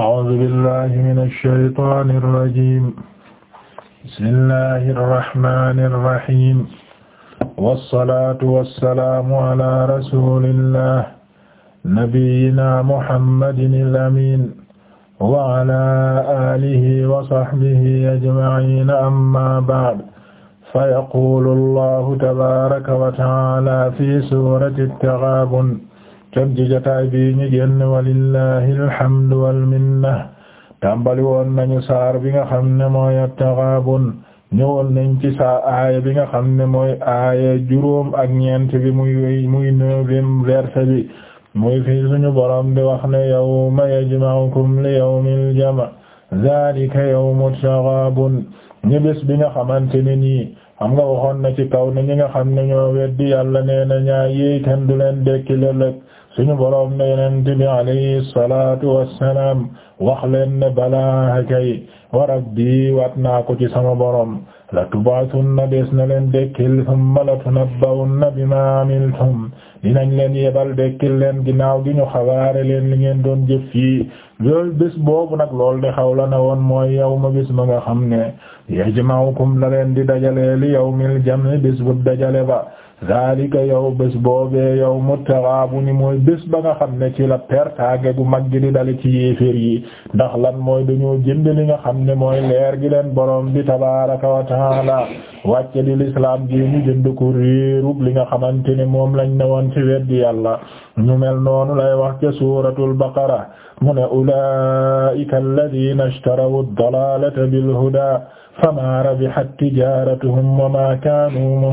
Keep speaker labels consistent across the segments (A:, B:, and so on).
A: أعوذ بالله من الشيطان الرجيم بسم الله الرحمن الرحيم والصلاة والسلام على رسول الله نبينا محمد الأمين وعلى آله وصحبه أجمعين أما بعد فيقول الله تبارك وتعالى في سورة التغابن kon ci jotaay bi ñu génn walillahi alhamdu wal minna tàmbali woon nañu saar bi nga xam ne mooy at-taghabun ñëwoon ci saa aaya bi nga xam ne mooy aaya juróom ak ñeent bi muy muy neuvième verset bi muy fii suñu borom di wax ne yawma yajma'ukum li yawmil jama' zalika yawmut taghabun ñu bés bi nga xamante ne nii nga waxoon na ci ñi nga xam yàlla nee suñu boroom ne yonent bi alayhi salaatu wassalaam wax leen ne bala kay wa rabbi waat naa ko ci sama boroom la tubaatunna des na leen dekkil summa la tunabbawunna bimaa amiltum dinañ leen yebal dekkil leen ginnaaw gi ñu xabaare leen li ngeen doon jëf fii loolu bés boobu nag lool di xaw la na woon mooy yawma bés ma nga xam ne yajma'ukum la leen di dajale li yawmil jam'i bés bu dajale ba zalika yow bés boobe yow mu ni mooy bés ba nga xam ne ci la pertaange gu mag gi di dale ci yéeféer yi ndax lan mooy dañoo jënd li nga xam ne mooy leer gi leen borom bi tabaaraka wa taala wàcce li lislaam gi ñu jënd ko li nga xamante ne moom lañ ne woon ci weddi yàlla ñu mel noonu lay wax ca suuratul baqara mu ne ulaa'ika alladhiina ishtarawu ad-dalaalata bil hudaa famaa rabihat tijaaratuhum wa maa kaanu mu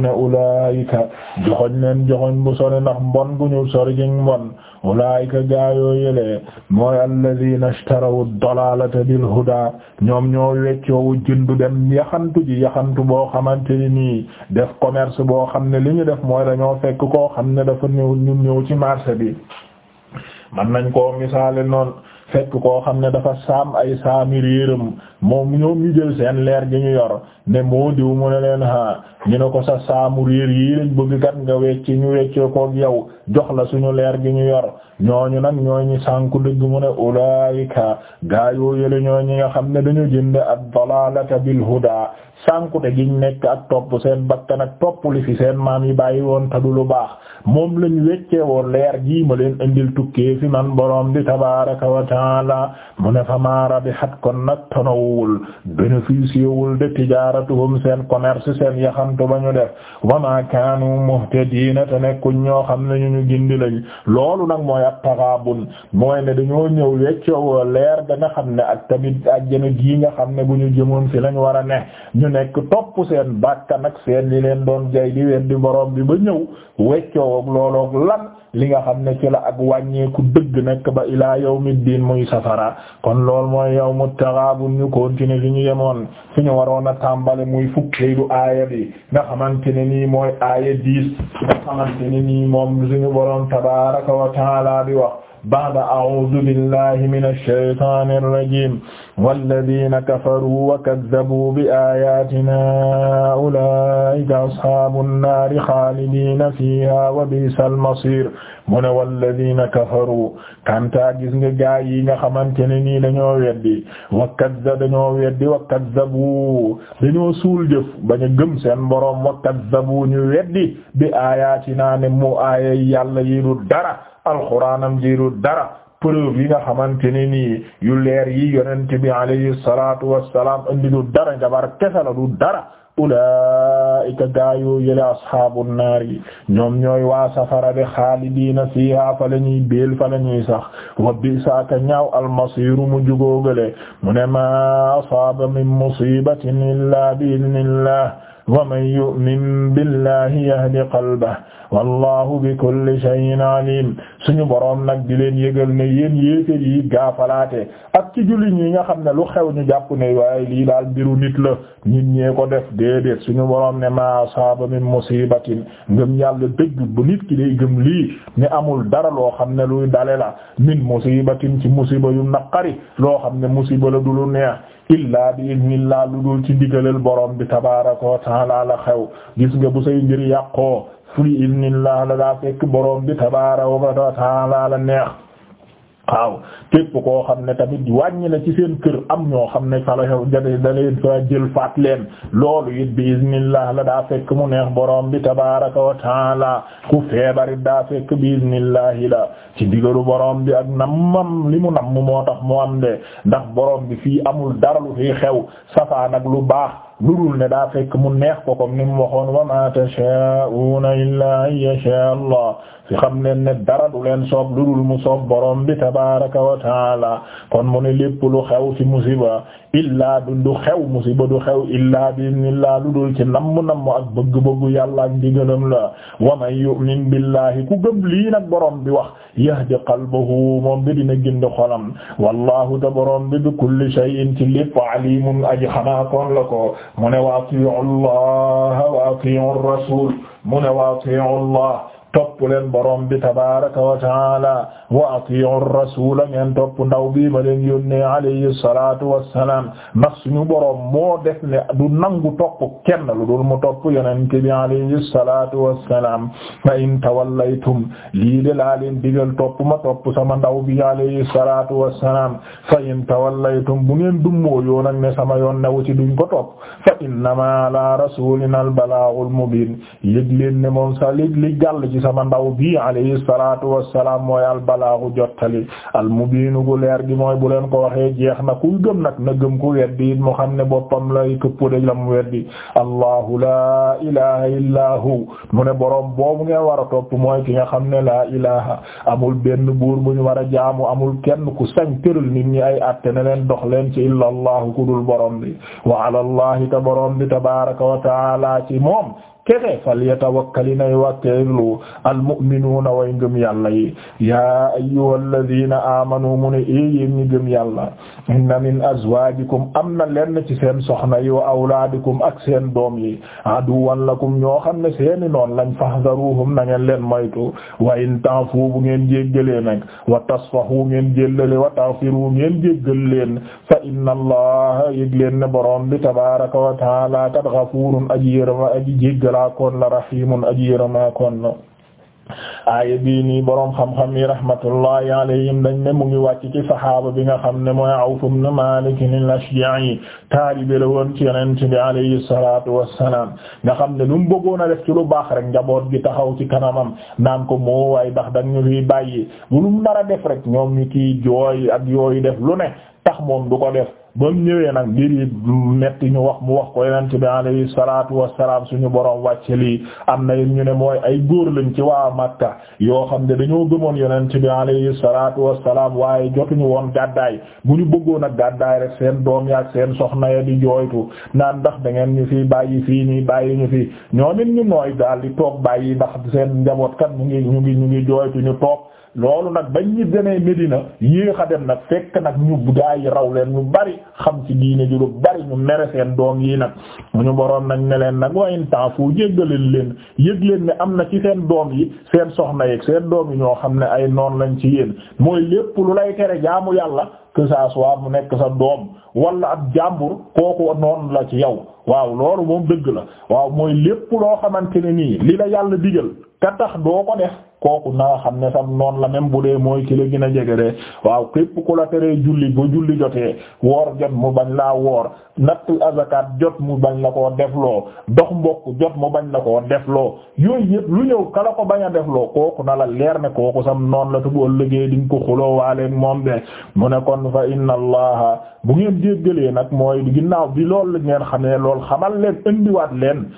A: ne ulaayika joxoñ leen joxoñ bu sori ndax mbon gu ñu sori gi mbon ulaayika gaayoo yëlee mooy alladiina ishtarawu dalaalata bil hudaa ñoom ñoo weccoowu jëndu dem yaxantu ji yaxantu boo xamante ni nii def commerce boo xam ne li ñu def mooy dañoo fekk koo xam ne dafa ñëw ñu ñëw ci marché bi man nañ koo misaale noonu fekk koo xam ne dafa saam ay saami réeram moom ñoom ñu jël seen leer gi ñu yor ne moo diw mu ne leen ha ñu ne ko sa saamu réer yi lañ bëgg kat nga wecc ñu weccee ko yow jox la suñu leer gi ñu yor ñooñu nag ñooñu sànku dëgg mu ne ulaayika gaa yoo yële ñooñu nga xam ne dañu jënd ad-dalalata bil huda de giñ nekk ak topp seen bakkan ak topp li fi seen maam yi bàyyi woon tadu lu baax moom lañ weccee woon leer gii ma leen indil tukkee fi taala mu ne fa bi xat kon nag tonowul bénéficié wul de tijaaratuhum seen commerce seen yaxantu ba ñu def wa ma kaanu muhtadiina te nekkuñ ñoo xam ne ñu ñu gindi lañ loolu nag mooy at taxaabun mooy ne dañoo ñëw weccoo leer da nga xam ne ak tamit àjjana gi nga xam ne bu ñu jëmoon fi lañ war a ne ñu nekk topp seen bàkkan ak seen yi leen doon jay di wet di bi ba ñëw weccoo ak loolook lan li nga xam ne ci la ak wàññeeku dëgg nekk ba ilaa yawmiddin muy safara kon lool mooy yawmu taghabun ñu continuer fi ñu yemoon fi ñu waroon a tàmbale muy fukkeelu aaya bi nga xamante ne nii mooy aaya dix nga xamante ne nii moom suñu boroom tabaaraka wa ta'aala wax ba'da a'uudu billahi mina shaytaani rajiim wallaziina kafaruu wa kazzabuu bi aayaatinaa ulaa'ika ashaabu nnaari xaalidiina fiihaa wa bi'sal masiir mu ne walladina kafaru kanta gis nga gaa yi nga xamante ne nii dañoo weddi wa kadda dañoo weddi wa kaddabu dañoo suul jëf bañ a gëm seen boroom wa kaddabu ñu weddi bi aayaatinaa ne mu aaya yàlla yi du dara alxuraanam ji du dara preuve yi nga xamante ne nii yu leer yi yonent bi alayhi salaatu wassalaam andi du dara jabar kese la du dara ulaa'ika gaayoo yële asxaabu naari ñoom ñooy waa safara de xaalidiina fiihaa fa la ñuy beel fa la ñuy sax wa bisaaka ñaaw almasiiru mu jugóogale mu ne maa asaaba min musiibatin illaa bi idnillah wa man yu'min billahi yahdi qalbahu wallahu bi kulli shay'in alim suñu boroom nag di leen yëgal ne yéen yéefér yi gaafalaate ak ci jullit ñi nga xam ne lu xew ñu jàpp ne waaye lii daal mbiru nit la nit ñee ko def déedéet suñu boroom ne ma asaaba min musibatin ngëm yàlla dëgg bu nit ki day gëm lii ne amul dara loo xam ne luy dale la min musibatin ci musiba yu naqari loo xam ne musiba la du lu neex illaa bi idnillah lu dul ci borom bi tabaaraka wa taala la xew gis nga bu say mbir yàqoo fu bi idnillah la daa fekk borom bi tabaaraka wa neex waaw képp koo xam ne tamit wàññi na ci seen kër am ñoo xam ne fa la jade da leen jël faat leen loolu it bi iznillah la daa fekk mu neex boroom bi tabaraka wa taala ku feebarit daa fekk bi iznillahi la ci digalu borom bi ak nammam li mu namm moo tax mu am de ndax boroom bi fii amul dara lu fi xew safaan ak lu baax ludul ne daa mu neex ko comme ni mu waxoon wa ma tashaa'una illaa an yashaa Allah fi xam leen ne dara du leen soob ludul mu soob borom bi tabaaraka wa taala kon mu ne lépp lu xew ci musiba illaa du du xew musiba du xew illaa bi lu dul ci namm namm ak bëgg-bëggu yàlla ak ndigalam la wa man yu'min billaahi ku gëm lii nag borom bi wax yahdi qalbahu moom bi dina gindi xolam wallahu te borom bi bi kulli shay'in ci lépp alimun aji xanaa kon la ko mu ne wa atii'u allah wa atii'u rasul mu ne wa atii'u allah topp leen borom bi tabaraka wa taala wa atii'u rasula ngeen topp ndaw bi ma leen yónnee alayhi salatu wassalam ndax suñu borom moo def ne du nangu topp kenn lu dul mu topp yonent bi alayhi salatu wassalam fa in tawallaytum lii de laa leen digal topp ma topp sama ndaw bi alayhi salatu wassalam fa in tawallaytum bu ngeen dummoo yoon ak ne sama yoon newu ci duñ ko topp fa innama ala rasulina al balaghul mubin yëg ne moom sa léeg sama ndaw bi alayhi salaatu wassalaam mooy albalaagu jottali almubiinu gu leer gi mooy bu leen ko waxee jeex na ku gëm nag na gëm ku weddi mu xam ne boppam lay këppu de la mu weddi allahu laa ilaha illaa hu mu ne boroom boobu ngeen war a topp mooy ki nga xam ne laa ilaha amul benn buur bu ñu war a jaamu amul kenn ku sañ tëral nit ñi ay atte leen dox leen ci illa allahu ku dul boroom bi wa ala allahi ta bi tabaaraka wa taala ci moom kese falyatawakkali nay wàkkeelu almu'minuuna way ngëm yàlla yi yaa ayyuhalladhiina aamanu mu ne yéen ñi gëm yàlla inna min azwaajikum am na lenn ci seen soxna yi wa awlaadikum ak seen doom yi aduwwan lakum ñoo xam ne seeni noon lañ fahdharuhum na ngeen leen moytu wa in ta'fu bu ngeen jéggalee nag wa tasfahu ngeen jéllale wa taghfiru ngeen jéggal leen inna allah yëg leen ne borom bi tabaraka wa taala kat ghafurun aji yërëma aji jéggalaa koon la rahimun aji yërëmaa koon la aaya bii nii boroom xam-xam yi rahmatullahi alayhim dañ ne mu ngi wàcc ci saxaaba bi nga xam ne mooy Awf ibn Maalik al-Ashja'i taalibe la woon ci Yonent bi alayhi wassalaam nga xam ne lu mu def ci lu baax rek njaboot gi taxaw ci kanamam naan ko moo waay ndax dañ ñu fiy bàyyi lu mu nar def rek ñoom ñu ciy jooy ak yooyu tax moom du ko def ba ñëwee nag mbir yi metti ñu wax mu wax ko yonent bi alayhi salaatu wassalaam suñu borom wàcce lii am na ñu ne mooy ay góor lañ ci waa Makka yoo xam ne dañoo gëmoon yonent bi alayhi salaatu wassalaam waaye jotuñu woon gàddaay bu ñu bëggoon a gàddaay rek seen doom ya ak seen soxna ya di jooytu naan ndax da ngeen ñu fi bàyyi fii ñuy bàyyi ñu fi ñoomit ñu nooy daal di toog bàyyi ndax seen njaboot kat ñu ngi ñu ngi ñu ngi jooytu ñu toog loolu nag bañ ñi demee Medina yéex a dem nag fekk nag ñu gaa yi raw leen ñu bari xam ci diine ju lu bari ñu mere seen doom yi nag ñu boroom nañ ne leen nag waaye fu jéggaleen leen yëg leen ne am na ci seen doom yi seen soxna yeeg seen doom yi ñoo xam ne ay noon lañ ci yéen mooy lépp lu lay tere jaamu yàlla que ça mu nekk sa doom wala ab jàmbur kooku noonu la ci yow waaw loolu moom dëgg la waaw mooy lépp loo xamante ne nii li la yàlla digal ka tax doo ko def kooku naa xam ne sam noonu la même bu dee mooy ki la gën a jege de waaw képp ku la teree julli bu julli jotee woor jot mu bañ laa woor natt azakaat jot mu bañ la ko koo loo dox mbokk jot mu bañ la koo defloo yooyu yëpp lu ñëw kala ko bañ a defloo kooku na la leer ne kooku sam noon la tubu ëllëgee di nga ko xuloo waaleeg moom de mu ne kon fa inna allaha bu ngeen jéggalee nag mooy ginnaaw bi lool ngeen xam ne loolu xamal leen indiwaat leen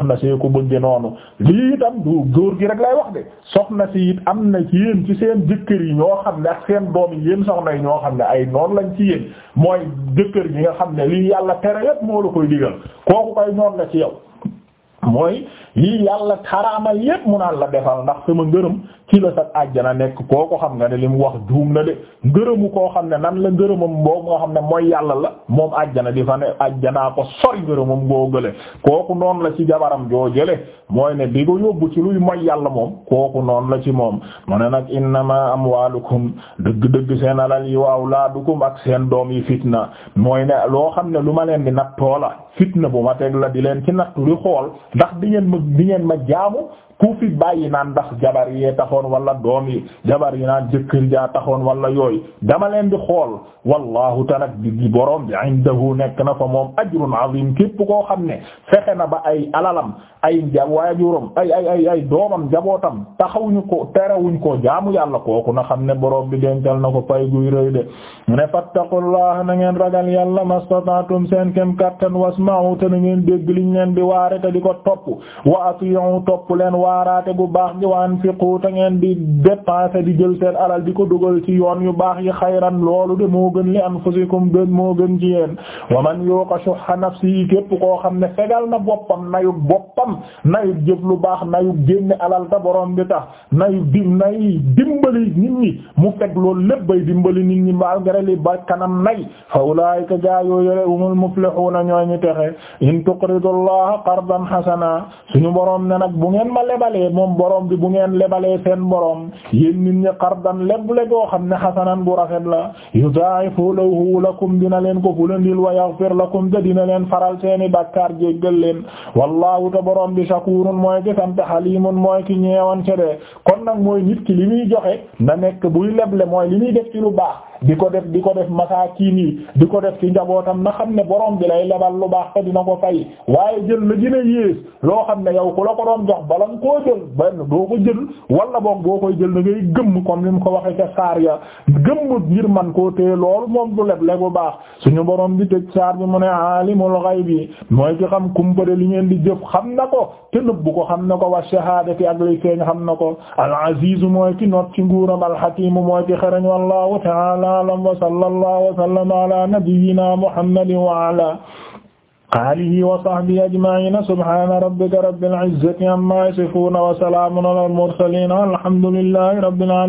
A: soxna see ko bëgge noonu lii itam du góor gi rek lay wax de soxna si it am na ci yéen ci seen jëkkër yi ñoo xam ne ak seen doom yi yéen soxna yi ñoo xam ne ay noonu lañ ci yéen mooy jëkkër yi nga xam ne li yàlla tere yépp moo la koy digal kooku koy noonu la ci yow mooy lii yàlla xaraamal yépp mu naan la defal ndax sama ngërëm ci la sa àjjana nekk koo ko xam nga ne li mu wax juum na de ngërëmu koo xam ne nan la ngërëmam boo nga xam ne mooy yàlla la moom àjjana di fa ne àjjanaa ko sori ngërëmam boo gële kooku noonu la ci jabaram joo jële mooy ne di ko yóbbu ci luy mooy yàlla moom kooku noonu la ci moom mu ne nag innama amwaalukum dëgg-dëgg seen alal yi laa awlaadukum ak seen doom yi fitna mooy ne loo xam ne lu ma leen di nattoo la fitna bu ma teg la di leen ci nattu di xool di ngeen ma jaamu ku fi bàyyi naan ndax jabar yee taxoon wala doom yi jabar yi naan jëkkër jaa taxoon wala yooy dama leen di xool wallahu tanak di borom bi indahu nekk na fa moom ajrun azim képp koo xam ne na ba ay alalam ay waajuram ay ay ay ay doomam jabootam ko terewuñ ko jaamu yàlla kooku na xam ne borom bi dencal na ko pay guy rëy de ne fattaqullaha na ngeen ragal yàlla di ko topp wa atiyu topp leen waaraate bu baax gi wa anfiqu te ngeen di dépenser di jël seen alal di ko dugal ci yoon yu baax yi xayran loolu de moo gën li anfusikum gën moo gën ci yeen wa man yuqa shuhha nafsihi képp koo xam ne fegal na boppam nayu boppam nayu jëf lu baax nayu génne alal ta borom bi tax nayu dim nay dimbali nit ñi mu fekk loolu lépp bay dimbali nit ñi malgré li ba kanam nay fa ulaa'ika gaa yoo yore humul muflihuna ñooñu texe in tuqridu allaha suñu boroom na nag bu ngeen ma lebalee moom boroom bi bu ngeen lebalee seen boroom yéen nit ñi qardan leb le goo xam ne xasanan bu rafet la yudaa'ifu lahu lakum dina leen ko fulandil wa yaghfir lakum te dina leen faral seeni bàkkaar jéggal leen wallahu te boroom bi shakuurun mooy ki sant haliimun mooy ki ñeewan ce de kon nag mooy nit ki li muy joxe na nekk buy leble mooy li muy def lu baax di ko def di ko def masaakiin yi di ko def ci njabootam na xam ne borom bi lay lebal lu baax te dina ko fay waaye jël la gën a yées loo xam ne yow ku la ko doon jox bala nga koo jël benn doo ko jël wala boog boo koy jël da ngay gëmm comme ni mu ko waxee ca saar ya gëmm ngir man koo téye loolu moom du leb lebu baax suñu borom bi tëj saar bi mu ne aalimul bi mooy ki xam kumpare li ngeen di jëf xam na ko te nëbbu ko xam na ko wa shahaadati ak lay feeñ xam na ko al aziz mooy ki not ci nguuram al hakim mooy ki xereñ a'lam wa sallallahu wa sallama ala nabiyyina muhammadin wa ala alihi wa sahbihi ajma'ina subhana rabbika rabbil izzati amma yasifun wa salamun alal mursalin alhamdulillahi rabbil alamin